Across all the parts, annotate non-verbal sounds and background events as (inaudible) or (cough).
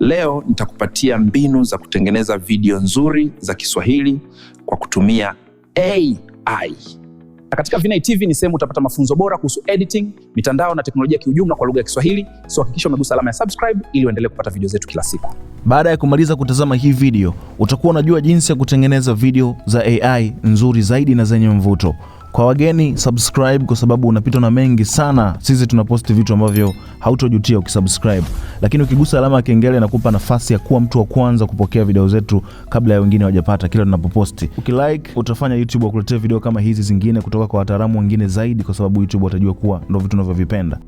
Leo nitakupatia mbinu za kutengeneza video nzuri za Kiswahili kwa kutumia AI. Na katika Vinai TV ni sehemu utapata mafunzo bora kuhusu editing, mitandao na teknolojia kiujumla kwa lugha ya Kiswahili. So hakikisha umegusa alama ya subscribe ili uendelee kupata video zetu kila siku. Baada ya kumaliza kutazama hii video, utakuwa unajua jinsi ya kutengeneza video za AI nzuri zaidi na zenye mvuto. Kwa wageni subscribe, kwa sababu unapitwa na mengi sana. Sisi tunaposti vitu ambavyo hautojutia ukisubscribe, lakini ukigusa alama ya kengele inakupa nafasi ya kuwa mtu wa kwanza kupokea video zetu kabla ya wengine wajapata kila tunapoposti. Ukilike utafanya YouTube wakuletea video kama hizi zingine kutoka kwa wataalamu wengine zaidi, kwa sababu YouTube watajua kuwa ndo vitu unavyovipenda.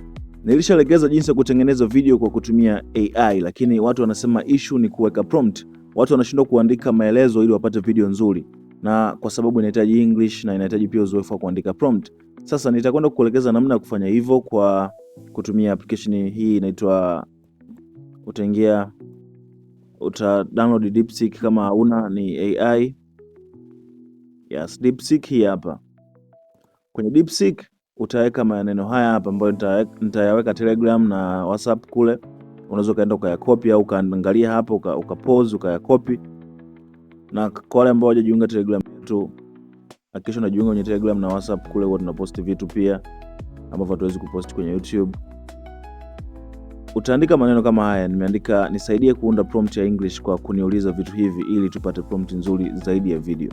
Nilishaelekeza jinsi ya kutengeneza video kwa kutumia AI, lakini watu wanasema issue ni kuweka prompt. Watu wanashindwa kuandika maelezo ili wapate video nzuri na kwa sababu inahitaji English na inahitaji pia uzoefu wa kuandika prompt. Sasa nitakwenda kukuelekeza namna ya kufanya hivyo kwa kutumia application hii inaitwa, utaingia uta download DeepSeek kama hauna ni AI. Yes, DeepSeek hii hapa. Kwenye DeepSeek utaweka maneno haya hapa ambayo nitayaweka Telegram na WhatsApp kule, unaweza ukaenda ukayakopi au ukaangalia hapo uka, uka pause ukayakopi na kwa wale ambao hawajajiunga Telegram yetu, hakikisha unajiunga kwenye Telegram na WhatsApp. Kule huwa tunaposti vitu pia ambavyo hatuwezi kupost kwenye YouTube. Utaandika maneno kama haya, nimeandika nisaidie kuunda prompt ya English kwa kuniuliza vitu hivi, ili tupate prompt nzuri zaidi ya video,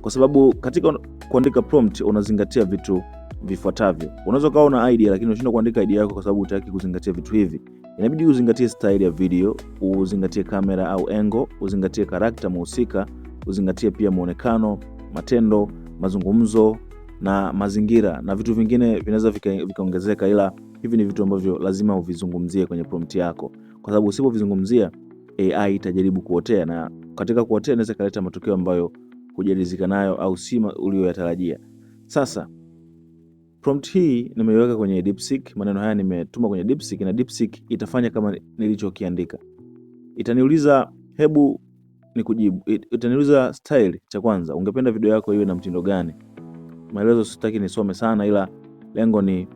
kwa sababu katika kuandika prompt unazingatia vitu vifuatavyo. Unaweza kuwa una idea lakini unashindwa kuandika idea yako kwa sababu utaki kuzingatia vitu hivi. Inabidi uzingatie style ya video, uzingatie kamera au engo, uzingatie karakta mhusika, uzingatie pia mwonekano, matendo, mazungumzo na mazingira na vitu vingine vinaweza vikaongezeka ila hivi ni vitu ambavyo lazima uvizungumzie kwenye prompt yako, kwa sababu usipovizungumzia AI itajaribu kuotea, na katika kuotea inaweza kaleta matokeo ambayo hujaridhika nayo au si uliyoyatarajia. Sasa prompt hii nimeiweka kwenye DeepSeek, maneno haya nimetuma kwenye DeepSeek na DeepSeek itafanya kama nilichokiandika. Itaniuliza hebu ni kujibu. Utaniuliza style, cha kwanza ungependa video yako iwe na mtindo gani? Maelezo sitaki nisome sana, ila lengo ni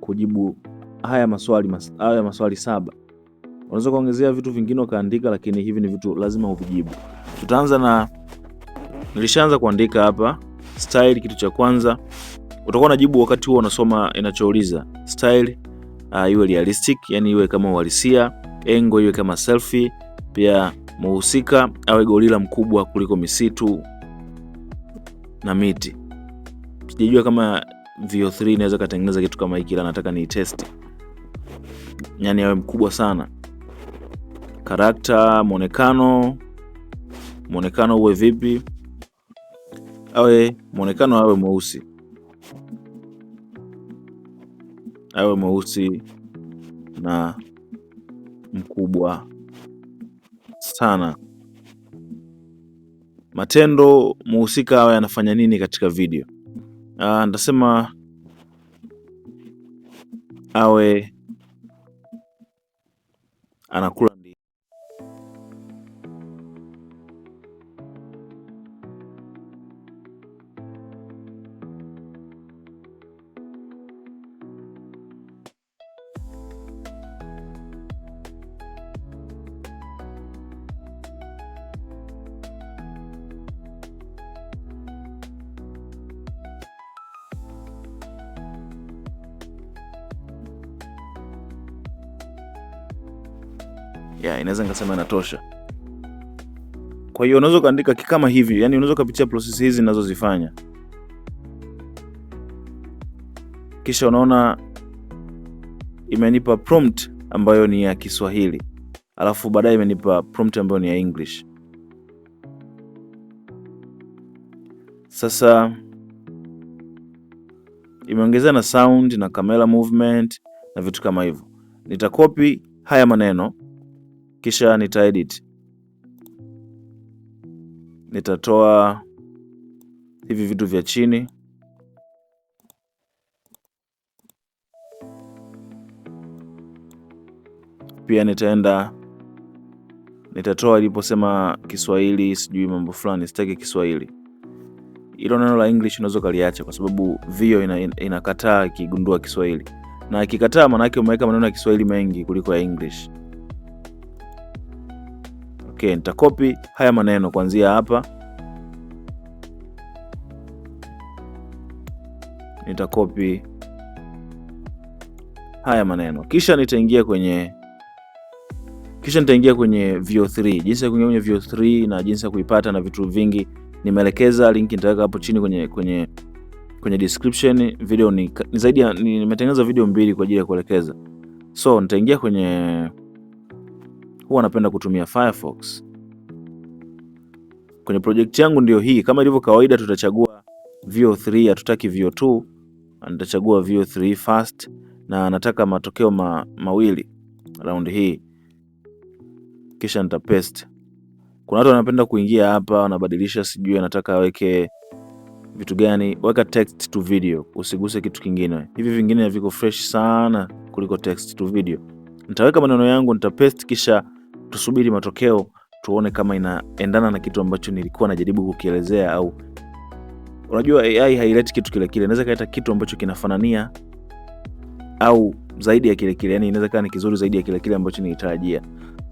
kujibu haya maswali mas, haya maswali saba. Unaweza kuongezea vitu vingine ukaandika, lakini hivi ni vitu lazima uvijibu. Tutaanza na nilishaanza kuandika hapa style, kitu cha kwanza utakuwa unajibu wakati huo unasoma inachouliza style. Uh, iwe realistic, yani iwe kama uhalisia. Engo iwe kama selfie, pia muhusika awe gorila mkubwa kuliko misitu na miti. Sijajua kama VO3 inaweza katengeneza kitu kama hiki, ila nataka niitesti. Yani awe mkubwa sana, karakta, mwonekano, mwonekano uwe vipi? Awe mwonekano, awe mweusi, awe mweusi na mkubwa sana. Matendo muhusika awe anafanya nini katika video? Uh, nitasema awe anakula yeah, inaweza nikasema inatosha. Kwa hiyo unaweza ukaandika kama hivi, yani unaweza ukapitia prosesi hizi ninazozifanya, kisha unaona imenipa prompt ambayo ni ya Kiswahili, alafu baadaye imenipa prompt ambayo ni ya English. Sasa imeongezea na sound na camera movement na vitu kama hivyo. Nitakopi haya maneno kisha nitaedit, nitatoa hivi vitu vya chini pia nitaenda nitatoa iliposema Kiswahili sijui mambo fulani, sitaki Kiswahili. Ilo neno la English unaweza ukaliacha, kwa sababu vio inakataa ina ikigundua Kiswahili, na ikikataa maanake umeweka maneno ya Kiswahili mengi kuliko ya English okay, nitakopi haya maneno kuanzia hapa, nitakopi haya maneno kisha nitaingia kwenye kisha nitaingia kwenye VO3. Jinsi ya kuingia kwenye VO3 na jinsi ya kuipata na vitu vingi nimeelekeza, linki nitaweka hapo chini kwenye kwenye kwenye description. Video ni, ni zaidi ya nimetengeneza video mbili kwa ajili ya kuelekeza, so nitaingia kwenye huwa napenda kutumia Firefox. Kwenye project yangu ndio hii, kama ilivyo kawaida tutachagua VO3, hatutaki VO2. Nitachagua VO3 first na nataka matokeo ma, mawili round hii, kisha nita paste. Kuna watu wanapenda kuingia hapa wanabadilisha, sijui anataka aweke vitu gani. Weka text to video, usiguse kitu kingine. Hivi vingine viko fresh sana kuliko text to video. Nitaweka maneno yangu nitapaste, kisha tusubiri matokeo tuone kama inaendana na kitu ambacho nilikuwa najaribu kukielezea au unajua AI haileti kitu kile kile, inaweza kaleta kitu ambacho kinafanania au zaidi ya kile kile, yani inaweza kaa ni kizuri zaidi ya kile kile ambacho nilitarajia.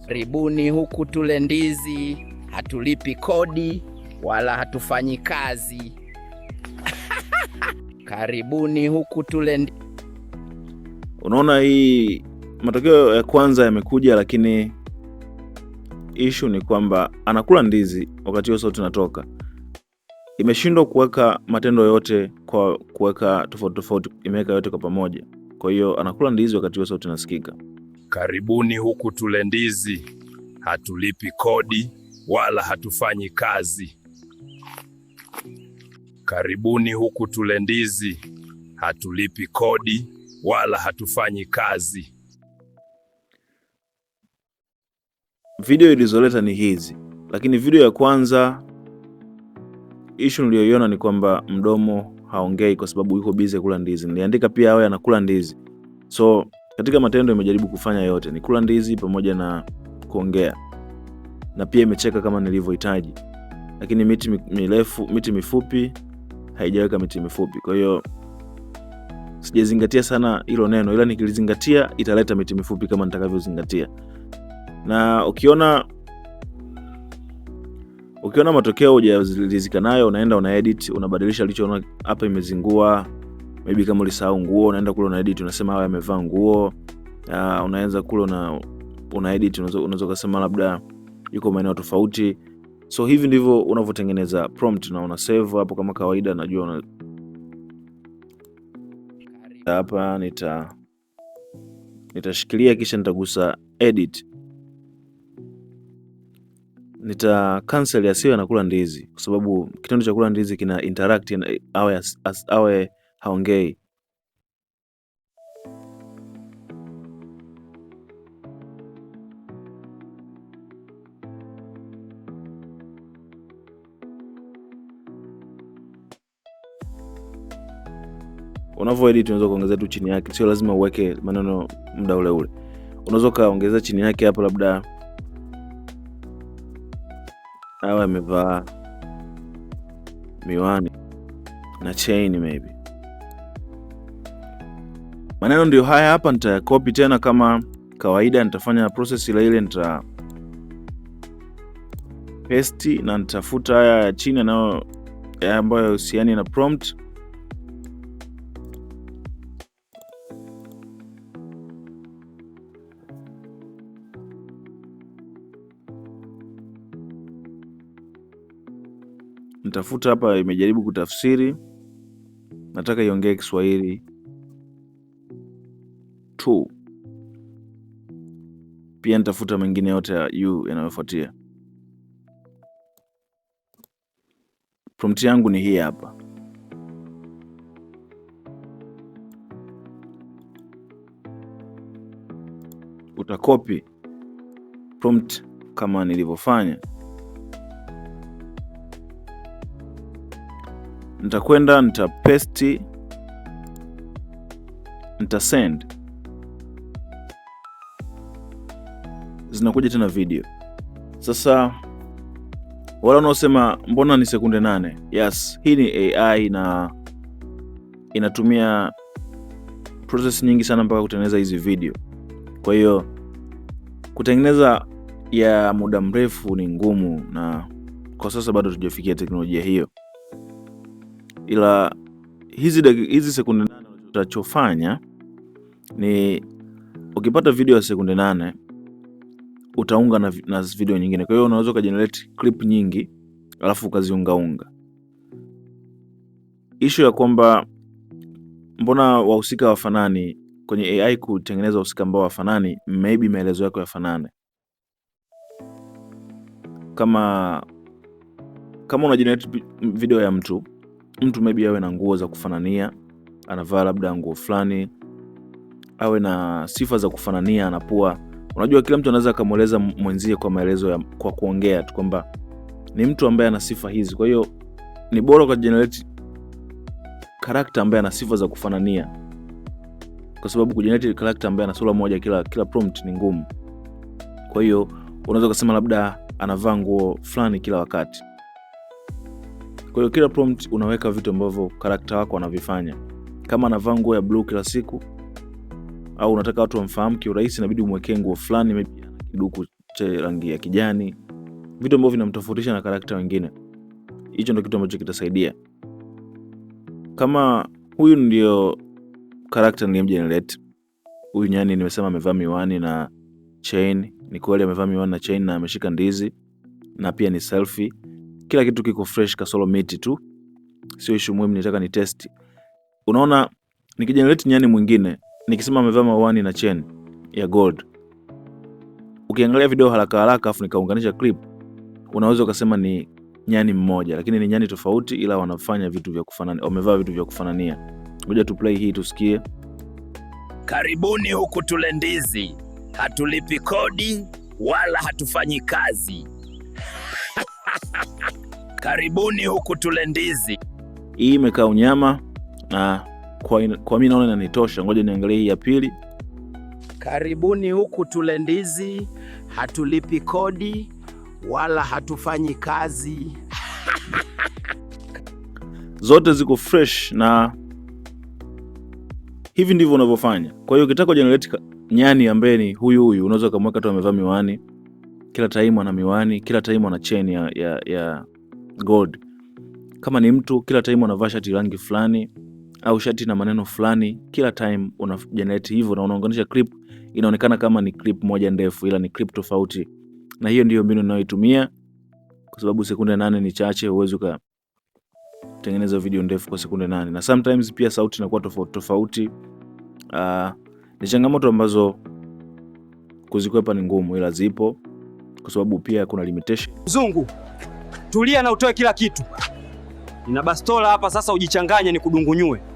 Ribuni huku tule ndizi, hatulipi kodi wala hatufanyi kazi (laughs) karibuni huku tule ndi... Unaona, hii matokeo ya kwanza yamekuja, lakini ishu ni kwamba anakula ndizi wakati huo sauti inatoka, imeshindwa kuweka matendo yote kwa kuweka tofauti tofauti, imeweka yote kwa pamoja. Kwa hiyo anakula ndizi wakati huo sauti inasikika. Karibuni huku tule ndizi, hatulipi kodi wala hatufanyi kazi. Karibuni huku tule ndizi, hatulipi kodi wala hatufanyi kazi. video ilizoleta ni hizi, lakini video ya kwanza issue niliyoiona ni kwamba mdomo haongei kwa sababu yuko busy kula ndizi. Niliandika pia awe anakula ndizi, so katika matendo imejaribu kufanya yote, ni kula ndizi pamoja na kuongea, na pia imecheka kama nilivyohitaji. Lakini miti mirefu, miti mifupi haijaweka miti mifupi, kwa hiyo sijazingatia sana hilo neno, ila nikilizingatia italeta miti mifupi kama nitakavyozingatia na ukiona ukiona matokeo hujaridhika nayo, unaenda una edit, unabadilisha ulichoona hapa imezingua. Maybe kama ulisahau nguo, unaenda kule una edit, unasema haya amevaa nguo. Uh, unaanza kule una una edit, unaweza kusema labda yuko maeneo tofauti. So hivi ndivyo unavyotengeneza prompt na una save hapo kama kawaida. Najua una hapa, nita nitashikilia kisha nitagusa edit ita uh, cancel asiwe anakula ndizi, kwa sababu kitendo cha kula ndizi kina interact na awe, awe haongei. edit unaweza kuongeza tu chini yake, sio lazima uweke maneno muda ule ule, unaweza ukaongezea chini yake hapo labda au amevaa miwani na chain maybe. Maneno ndio haya hapa, nitayakopi tena kama kawaida, nitafanya process ile ile, nita paste na nitafuta haya ya chini ambayo husiani na prompt. nitafuta hapa, imejaribu kutafsiri. Nataka iongee Kiswahili tu, pia nitafuta mengine yote ya u yanayofuatia. Prompt yangu ni hii hapa. Utakopi prompt kama nilivyofanya. nitakwenda nita send, zinakuja tena video. Sasa wale wanaosema mbona ni sekunde nane? Yes, hii ni AI na inatumia process nyingi sana mpaka kutengeneza hizi video. Kwa hiyo kutengeneza ya muda mrefu ni ngumu, na kwa sasa bado tujafikia teknolojia hiyo ila hizi hizi sekunde nane utachofanya ni ukipata video ya sekunde nane utaunga na, na video nyingine. Kwa hiyo unaweza ukajenerate clip nyingi alafu ukaziungaunga. Ishu ya kwamba mbona wahusika wafanani kwenye AI kutengeneza wahusika ambao wafanani, maybe maelezo yako yafanane. Kama kama una video ya mtu mtu maybe awe na nguo za kufanania, anavaa labda nguo fulani, awe na sifa za kufanania, anapua. Unajua, kila mtu anaweza akamweleza mwenzie kwa maelezo ya, kwa kuongea tu kwamba ni mtu ambaye ana sifa hizi. Kwa hiyo ni bora kwa generate character ambaye ana sifa za kufanania, kwa sababu kujenerate character ambaye ana sura moja kila, kila prompt ni ngumu. Kwa hiyo unaweza ukasema labda anavaa nguo fulani kila wakati kwa hiyo kila prompt unaweka vitu ambavyo karakta wako anavifanya. Kama anavaa nguo ya blue kila siku au unataka watu wamfahamu kiurahisi, inabidi umwekee nguo fulani, maybe ana kiduku cha rangi ya kijani, vitu ambavyo vinamtofautisha na karakta wengine. Hicho ndo kitu ambacho kitasaidia. Kama huyu ndio karakta niliyemjenerate huyu nyani, nimesema amevaa miwani na chain. Ni kweli amevaa miwani na chain na ameshika ndizi na pia ni selfie kila kitu kiko fresh kasoro miti tu, sio issue muhimu. Nitaka ni test. Unaona, nikijenerate nyani mwingine nikisema amevaa mawani na chain ya gold, ukiangalia video haraka haraka afu nikaunganisha clip, unaweza ukasema ni nyani mmoja, lakini ni nyani tofauti, ila wanafanya vitu vya kufanana, wamevaa vitu vya kufanania. Ngoja tu play hii tusikie. Karibuni huku tule ndizi, hatulipi kodi wala hatufanyi kazi Karibuni huku tule ndizi. Hii imekaa unyama na kwa, kwa mi naona inanitosha. Ngoja niangalie hii ya pili. Karibuni huku tule ndizi, hatulipi kodi wala hatufanyi kazi (laughs) zote ziko fresh na hivi ndivyo unavyofanya. Kwa hiyo ukitaka kujenerate nyani ambaye ni huyu huyu, unaweza ukamweka tu amevaa miwani, kila taimu ana miwani, kila taimu ana cheni ya, ya, ya God. Kama ni mtu kila time unavaa shati rangi fulani au shati na maneno fulani, kila time una generate hivyo na unaunganisha clip, inaonekana kama ni clip moja ndefu, ila ni clip tofauti. Na hiyo ndiyo mbinu ninayoitumia kwa sababu sekunde nane ni chache, huwezi ukatengeneza video ndefu kwa sekunde nane. Na sometimes pia sauti inakuwa tofauti tofauti. Uh, ni changamoto ambazo kuzikwepa ni ngumu, ila zipo kwa sababu pia kuna limitation mzungu Tulia na utoe kila kitu. Nina bastola hapa sasa, ujichanganye nikudungunyue.